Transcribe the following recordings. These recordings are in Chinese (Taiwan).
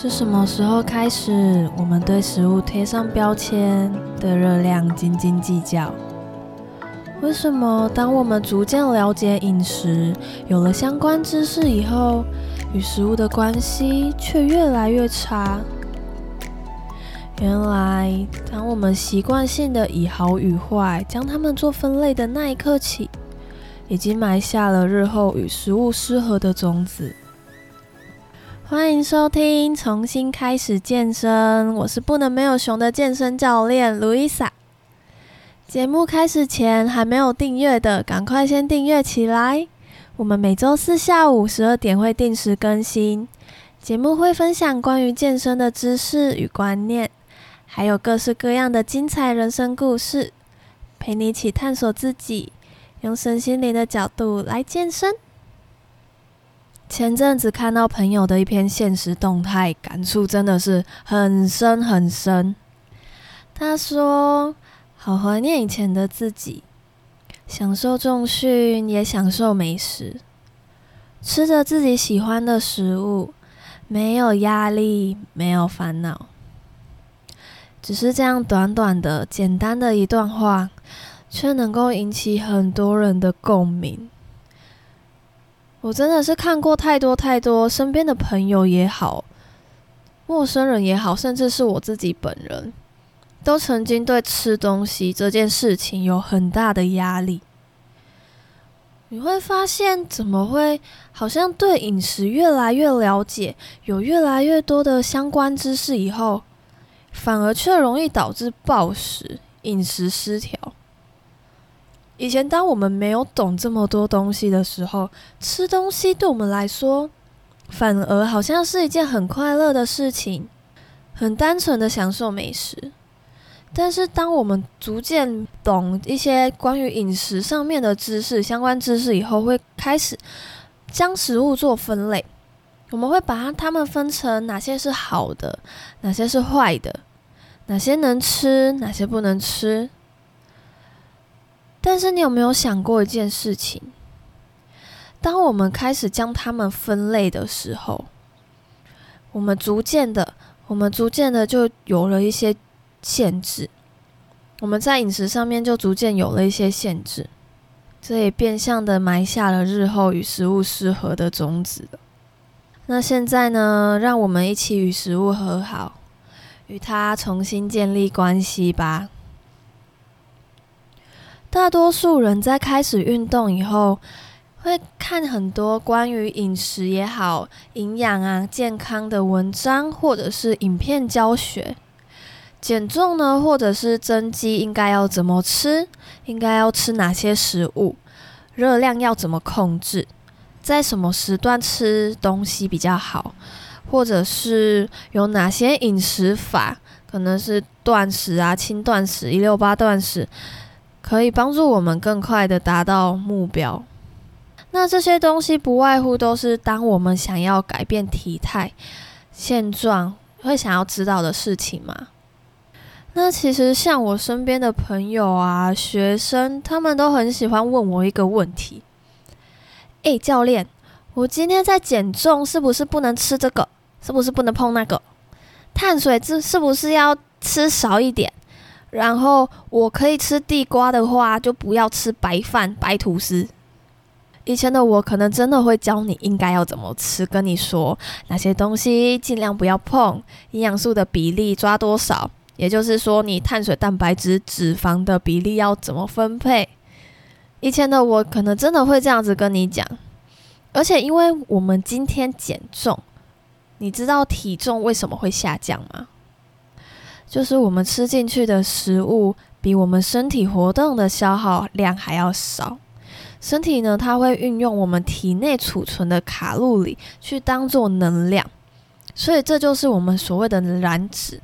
是什麼時候開始，我們對食物貼上標籤，對熱量斤斤計較？為什麼當我們逐漸了解飲食，有了相關知識以後，與食物的關係卻越來越差？原來，當我們習慣性的以好與壞將它們做分類的那一刻起，已經埋下了日後與食物失和的種子。歡迎收聽《重新開始健身》，我是不能沒有熊的健身教練盧伊薩。節目開始前，還沒有訂閱的，趕快先訂閱起來。我們每週四下午十二點會定時更新，節目會分享關於健身的知識與觀念，還有各式各樣的精彩人生故事，陪你一起探索自己，用身心靈的角度來健身。前陣子看到朋友的一篇限時動態，感觸真的是很深很深。他說：“好懷念以前的自己，享受重訓，也享受美食，吃着自己喜歡的食物，沒有壓力，沒有煩惱。只是這樣短短的、簡單的一段話，卻能夠引起很多人的共鳴。”我真的是看過太多太多，身邊的朋友也好，陌生人也好，甚至是我自己本人，都曾經對吃東西這件事情有很大的壓力。你會發現，怎麼會好像對飲食越來越了解，有越來越多的相關知識以後，反而卻容易導致暴食、飲食失調。以前，當我們沒有懂這麼多東西的時候，吃東西對我們來說，反而好像是一件很快樂的事情，很單純的享受美食。但是，當我們逐漸懂一些關於飲食上面的知識、相關知識以後，會開始將食物做分類，我們會把它它們分成哪些是好的，哪些是壞的，哪些能吃，哪些不能吃。但是你有沒有想過一件事情？當我們開始將它們分類的時候，我們逐漸的，我們逐漸的就有了一些限制。我們在飲食上面就逐漸有了一些限制，這也變相的埋下了日後與食物失和的種子了。那現在呢？讓我們一起與食物和好，與它重新建立關係吧。大多數人在開始運動以後，會看很多關於飲食也好、營養啊、健康的文章，或者是影片教學。減重呢，或者是增肌，應該要怎麼吃？應該要吃哪些食物？熱量要怎麼控制？在什麼時段吃東西比較好？或者是有哪些飲食法？可能是斷食啊、輕斷食、一六八斷食。可以幫助我們更快的達到目標。那這些東西不外乎都是當我們想要改變體態現狀，會想要知道的事情嘛？那其實像我身邊的朋友啊、學生，他們都很喜歡問我一個問題：誒，教練，我今天在減重，是不是不能吃這個？是不是不能碰那個？碳水是不是要吃少一點？然後我可以吃地瓜的話，就不要吃白飯、白吐司。以前的我可能真的會教你應該要怎麼吃，跟你說哪些東西盡量不要碰，營養素的比例抓多少，也就是說你碳水、蛋白質、脂肪的比例要怎麼分配。以前的我可能真的會這樣子跟你講，而且因為我們今天減重，你知道體重為什麼會下降嗎？就是我們吃進去的食物比我們身體活動的消耗量還要少，身體呢，它會運用我們體內儲存的卡路里去當做能量，所以這就是我們所謂的燃脂。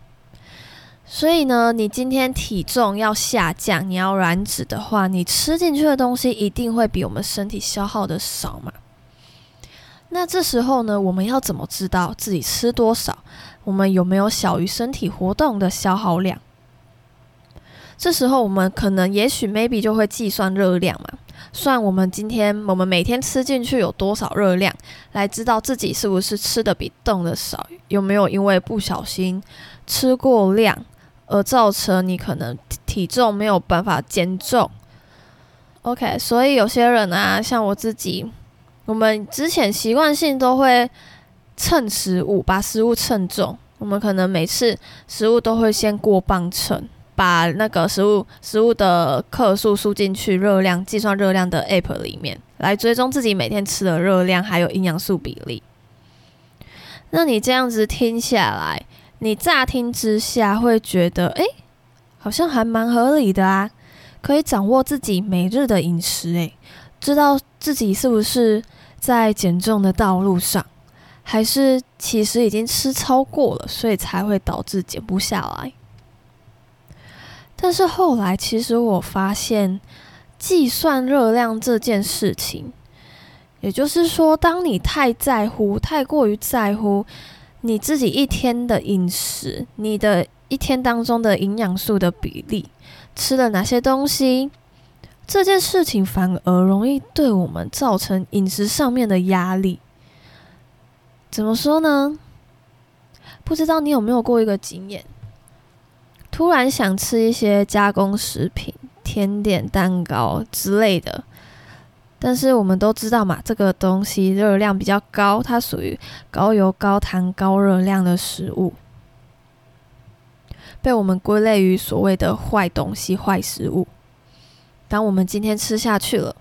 所以呢，你今天體重要下降，你要燃脂的話，你吃進去的東西一定會比我們身體消耗的少嘛。那這時候呢，我們要怎麼知道自己吃多少？我們有沒有小於身體活動的消耗量？這時候我們可能、也許、maybe 就會計算熱量嘛，算我們今天我們每天吃進去有多少熱量，來知道自己是不是吃得比動的少，有沒有因為不小心吃過量而造成你可能體重沒有辦法減重。OK，所以有些人啊，像我自己，我們之前習慣性都會。稱食物，把食物稱重。我們可能每次食物都會先過磅稱，把那個食物食物的克數輸進去熱量計算熱量的 App 裡面，來追蹤自己每天吃的熱量還有營養素比例。那你這樣子聽下來，你乍聽之下會覺得，哎、欸，好像還蠻合理的啊，可以掌握自己每日的飲食、欸，誒，知道自己是不是在減重的道路上。還是其實已經吃超過了，所以才會導致減不下來。但是後來其實我發現，計算熱量這件事情，也就是說，當你太在乎、太過於在乎你自己一天的飲食、你的一天當中的營養素的比例、吃了哪些東西，這件事情反而容易對我們造成飲食上面的壓力。怎麼說呢？不知道你有沒有過一個經驗，突然想吃一些加工食品、甜點、蛋糕之類的。但是我們都知道嘛，這個東西熱量比較高，它屬於高油、高糖、高熱量的食物，被我們歸類於所謂的壞東西、壞食物。當我們今天吃下去了，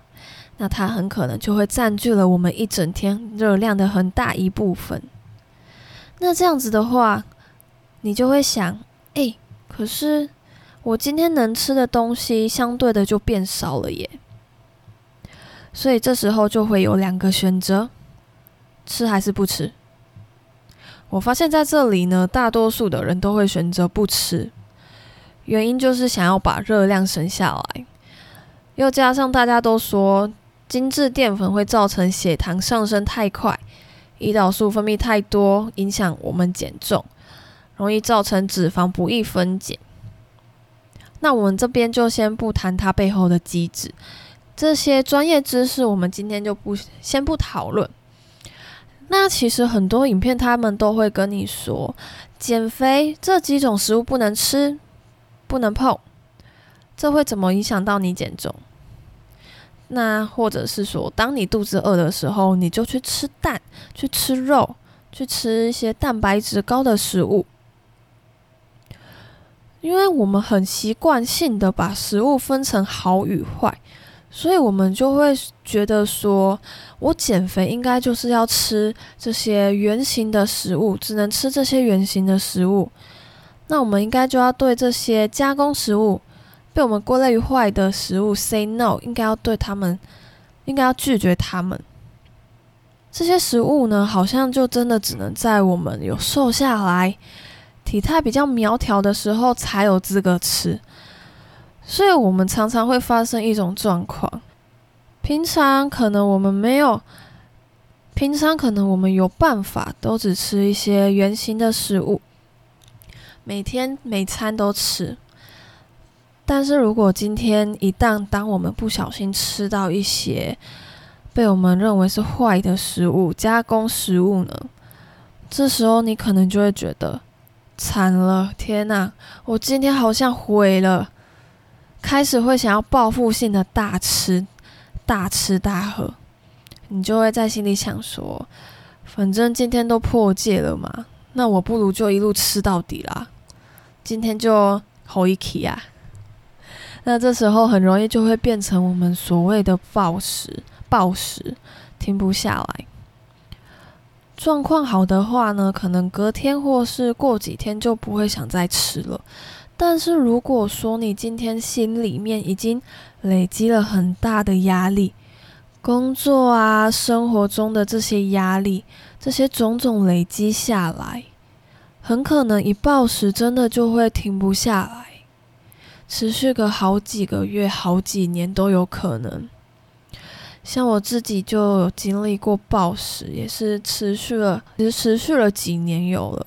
那它很可能就會佔據了我們一整天熱量的很大一部分。那這樣子的話，你就會想，哎、欸，可是我今天能吃的東西相對的就變少了耶。所以這時候就會有兩個選擇，吃還是不吃？我發現在這裡呢，大多數的人都會選擇不吃，原因就是想要把熱量省下來，又加上大家都說。精製澱粉會造成血糖上升太快，胰島素分泌太多，影響我們減重，容易造成脂肪不易分解。那我們這邊就先不談它背後的機制，這些專業知識我們今天就不先不討論。那其實很多影片他們都會跟你說，減肥這幾種食物不能吃，不能碰，這會怎麼影響到你減重？那或者是說，當你肚子餓的時候，你就去吃蛋，去吃肉，去吃一些蛋白質高的食物。因為我們很習慣性的把食物分成好與壞，所以我們就會覺得說，我減肥應該就是要吃這些原型的食物，只能吃這些原型的食物。那我們應該就要對這些加工食物。被我們歸類於壞的食物，say no，應該要對他們，應該要拒絕他們。這些食物呢，好像就真的只能在我們有瘦下來、體態比較苗條的時候才有資格吃。所以，我們常常會發生一種狀況：平常可能我們沒有，平常可能我們有辦法，都只吃一些原型的食物，每天每餐都吃。但是如果今天一旦當我們不小心吃到一些被我們認為是壞的食物、加工食物呢？這時候你可能就會覺得慘了，天吶，我今天好像毀了，開始會想要報復性的大吃大吃大喝，你就會在心裡想說：反正今天都破戒了嘛，那我不如就一路吃到底啦，今天就吼一氣啊！那這時候很容易就會變成我們所謂的暴食，暴食停不下來。狀況好的話呢，可能隔天或是過幾天就不會想再吃了。但是如果說你今天心裡面已經累積了很大的壓力，工作啊、生活中的這些壓力，這些種種累積下來，很可能一暴食真的就會停不下來。持續個好幾個月、好幾年都有可能。像我自己就有經歷過暴食，也是持續了，其實持續了幾年有了。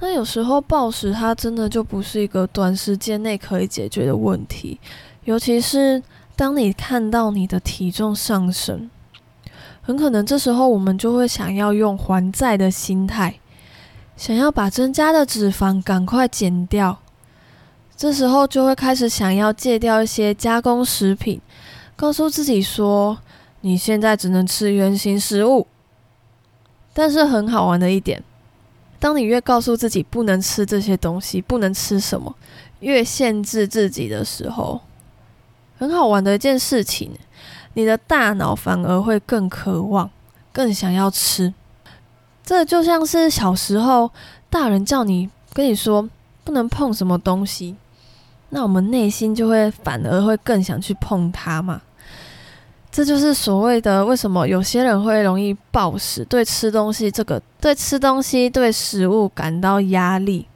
那有時候暴食它真的就不是一個短時間內可以解決的問題，尤其是當你看到你的體重上升，很可能這時候我們就會想要用還債的心態，想要把增加的脂肪趕快減掉。這時候就會開始想要戒掉一些加工食品，告訴自己說：“你現在只能吃原型食物。”但是很好玩的一點，當你越告訴自己不能吃這些東西，不能吃什麼，越限制自己的時候，很好玩的一件事情，你的大腦反而會更渴望、更想要吃。這就像是小時候大人叫你跟你說。不能碰什麼東西，那我們內心就會反而會更想去碰它嘛。這就是所謂的為什麼有些人會容易暴食。對吃東西這個，對吃東西對食物感到壓力，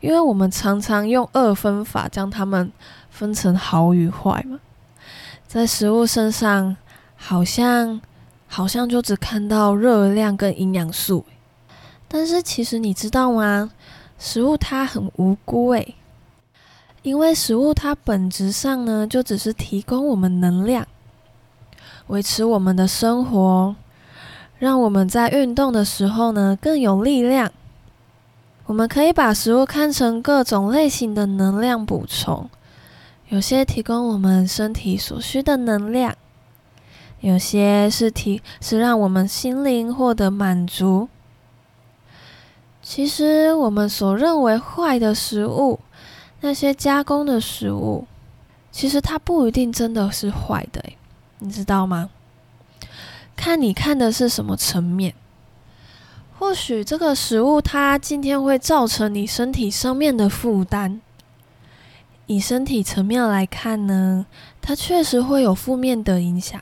因為我們常常用二分法將它們分成好與壞嘛。在食物身上，好像好像就只看到熱量跟營養素，但是其實你知道嗎？食物它很無辜誒，因為食物它本質上呢，就只是提供我們能量，維持我們的生活，讓我們在運動的時候呢更有力量。我們可以把食物看成各種類型的能量補充，有些提供我們身體所需的能量，有些是提是讓我們心靈獲得滿足。其實我們所認為壞的食物，那些加工的食物，其實它不一定真的是壞的誒，你知道嗎？看你看的是什麼層面？或許這個食物它今天會造成你身體上面的負擔，以身體層面來看呢，它確實會有負面的影響。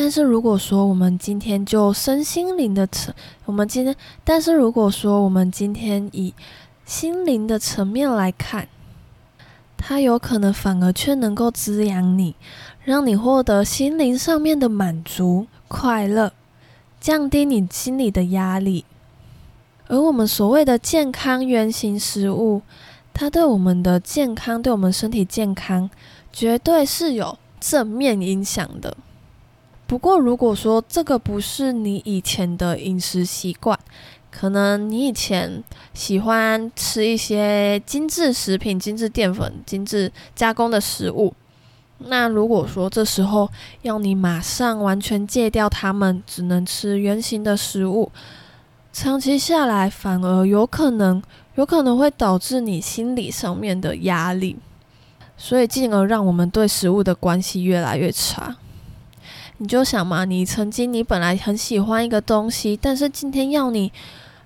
但是，如果說我們今天就身心靈的層，我們今天，但是如果說我們今天以心靈的層面來看，它有可能反而卻能夠滋養你，讓你獲得心靈上面的滿足、快樂，降低你心理的壓力。而我們所謂的健康原型食物，它對我們的健康、對我們身體健康，絕對是有正面影響的。不過，如果說這個不是你以前的飲食習慣，可能你以前喜歡吃一些精致食品、精致澱粉、精致加工的食物。那如果說這時候要你馬上完全戒掉它們，只能吃原形的食物，長期下來反而有可能，有可能會導致你心理上面的壓力，所以進而讓我們對食物的關係越來越差。你就想嘛，你曾經你本來很喜歡一個東西，但是今天要你，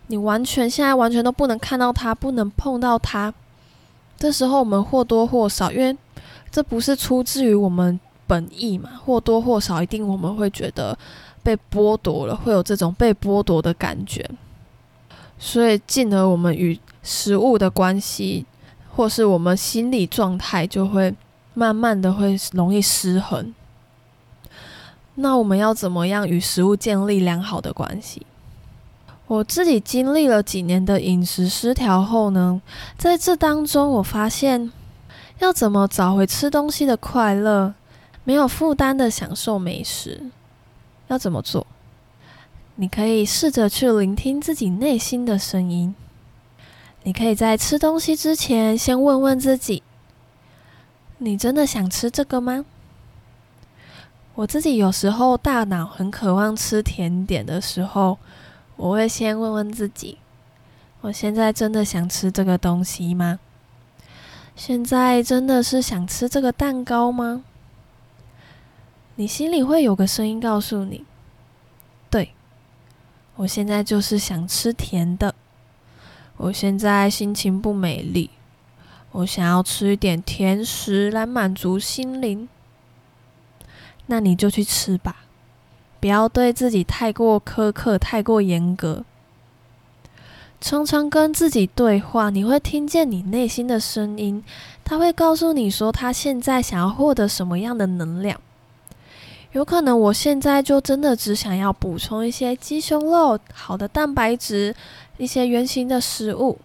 你完全現在完全都不能看到它，不能碰到它。這時候我們或多或少，因為這不是出自於我們本意嘛，或多或少一定我們會覺得被剝奪了，會有這種被剝奪的感覺。所以進而我們與食物的關係，或是我們心理狀態，就會慢慢的會容易失衡。那我們要怎麼樣與食物建立良好的關係？我自己經歷了幾年的飲食失調後呢，在這當中我發現，要怎麼找回吃東西的快樂，沒有負擔的享受美食，要怎麼做？你可以試着去聆聽自己內心的聲音。你可以在吃東西之前，先問問自己：你真的想吃這個嗎？我自己有時候大腦很渴望吃甜點的時候，我會先問問自己：我現在真的想吃這個東西嗎？現在真的是想吃這個蛋糕嗎？你心裡會有個聲音告訴你：對，我現在就是想吃甜的。我現在心情不美麗，我想要吃一點甜食來滿足心靈。那你就去吃吧，不要對自己太過苛刻，太過嚴格。常常跟自己對話，你會聽見你內心的聲音，他會告訴你說他現在想要獲得什麼樣的能量。有可能我現在就真的只想要補充一些雞胸肉、好的蛋白質、一些原型的食物。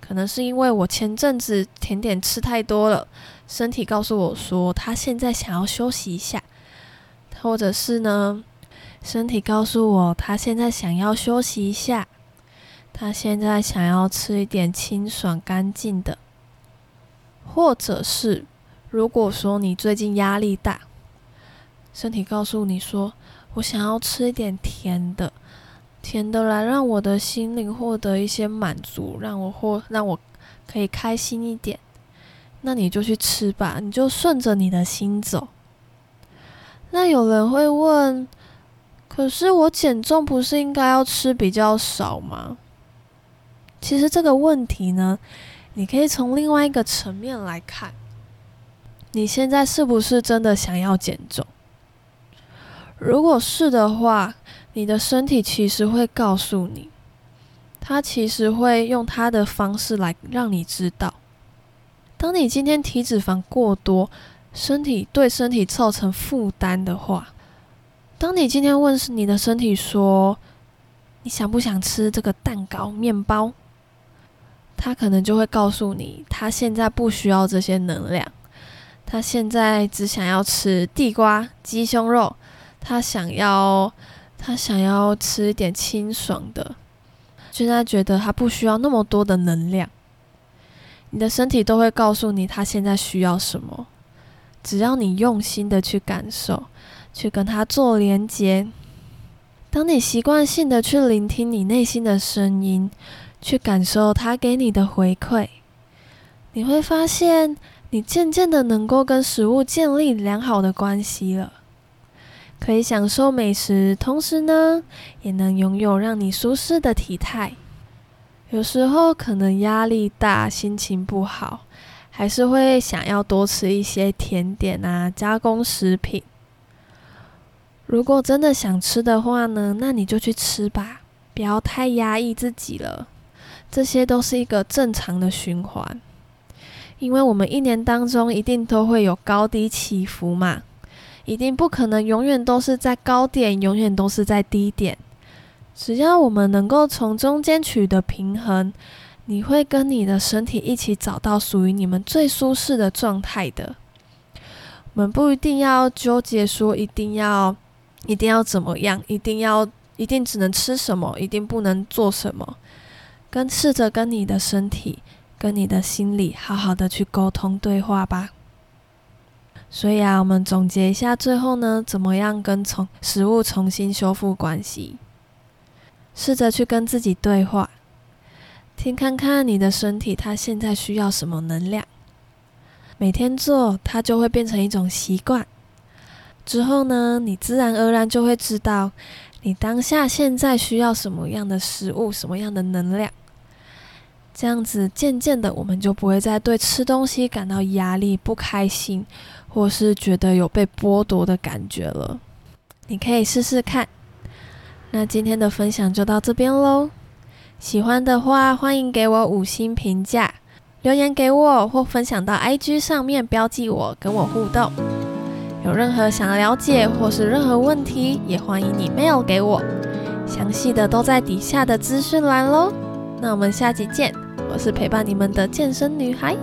可能是因為我前陣子甜點吃太多了，身體告訴我說他現在想要休息一下。或者是呢，身體告訴我，他現在想要休息一下，他現在想要吃一點清爽乾淨的。或者是，如果說你最近壓力大，身體告訴你說，我想要吃一點甜的，甜的來讓我的心靈獲得一些滿足，讓我或讓我可以開心一點，那你就去吃吧，你就順着你的心走。那有人會問，可是我減重不是應該要吃比較少嗎？其實這個問題呢，你可以從另外一個層面來看，你現在是不是真的想要減重？如果是的話，你的身體其實會告訴你，它其實會用它的方式來讓你知道，當你今天體脂肪過多。身體對身體造成負擔的話，當你今天問你的身體說：“你想不想吃這個蛋糕、麵包？”他可能就會告訴你，他現在不需要這些能量，他現在只想要吃地瓜、雞胸肉。他想要，他想要吃一點清爽的，所以他覺得他不需要那麼多的能量。你的身體都會告訴你，他現在需要什麼。只要你用心的去感受，去跟它做連接，當你習慣性的去聆聽你內心的聲音，去感受它給你的回饋，你會發現，你漸漸的能夠跟食物建立良好的關係了，可以享受美食，同時呢，也能擁有讓你舒適的體態。有時候可能壓力大，心情不好。還是會想要多吃一些甜點啊，加工食品。如果真的想吃的話呢，那你就去吃吧，不要太壓抑自己了。這些都是一個正常的循環，因為我們一年當中一定都會有高低起伏嘛，一定不可能永遠都是在高點，永遠都是在低點。只要我們能夠從中間取得平衡，你會跟你的身體一起找到屬於你們最舒適的狀態的。我們不一定要糾結說一定要、一定要怎麼樣，一定要、一定只能吃什麼，一定不能做什麼。跟試着跟你的身體、跟你的心理好好的去溝通對話吧。所以啊，我們總結一下，最後呢，怎麼樣跟從食物重新修復關係？試着去跟自己對話。先看看你的身體，它現在需要什麼能量？每天做，它就會變成一種習慣。之後呢，你自然而然就會知道，你當下現在需要什麼樣的食物，什麼樣的能量。這樣子，漸漸的，我們就不會再對吃東西感到壓力、不開心，或是覺得有被剝奪的感覺了。你可以試試看。那今天的分享就到這邊嘍。喜歡的話，歡迎給我五星評價，留言給我，或分享到 IG 上面標記我，跟我互動。有任何想了解或是任何問題，也歡迎你 mail 給我，詳細的都在底下的資訊欄嘍。那我們下集見，我是陪伴你們的健身女孩。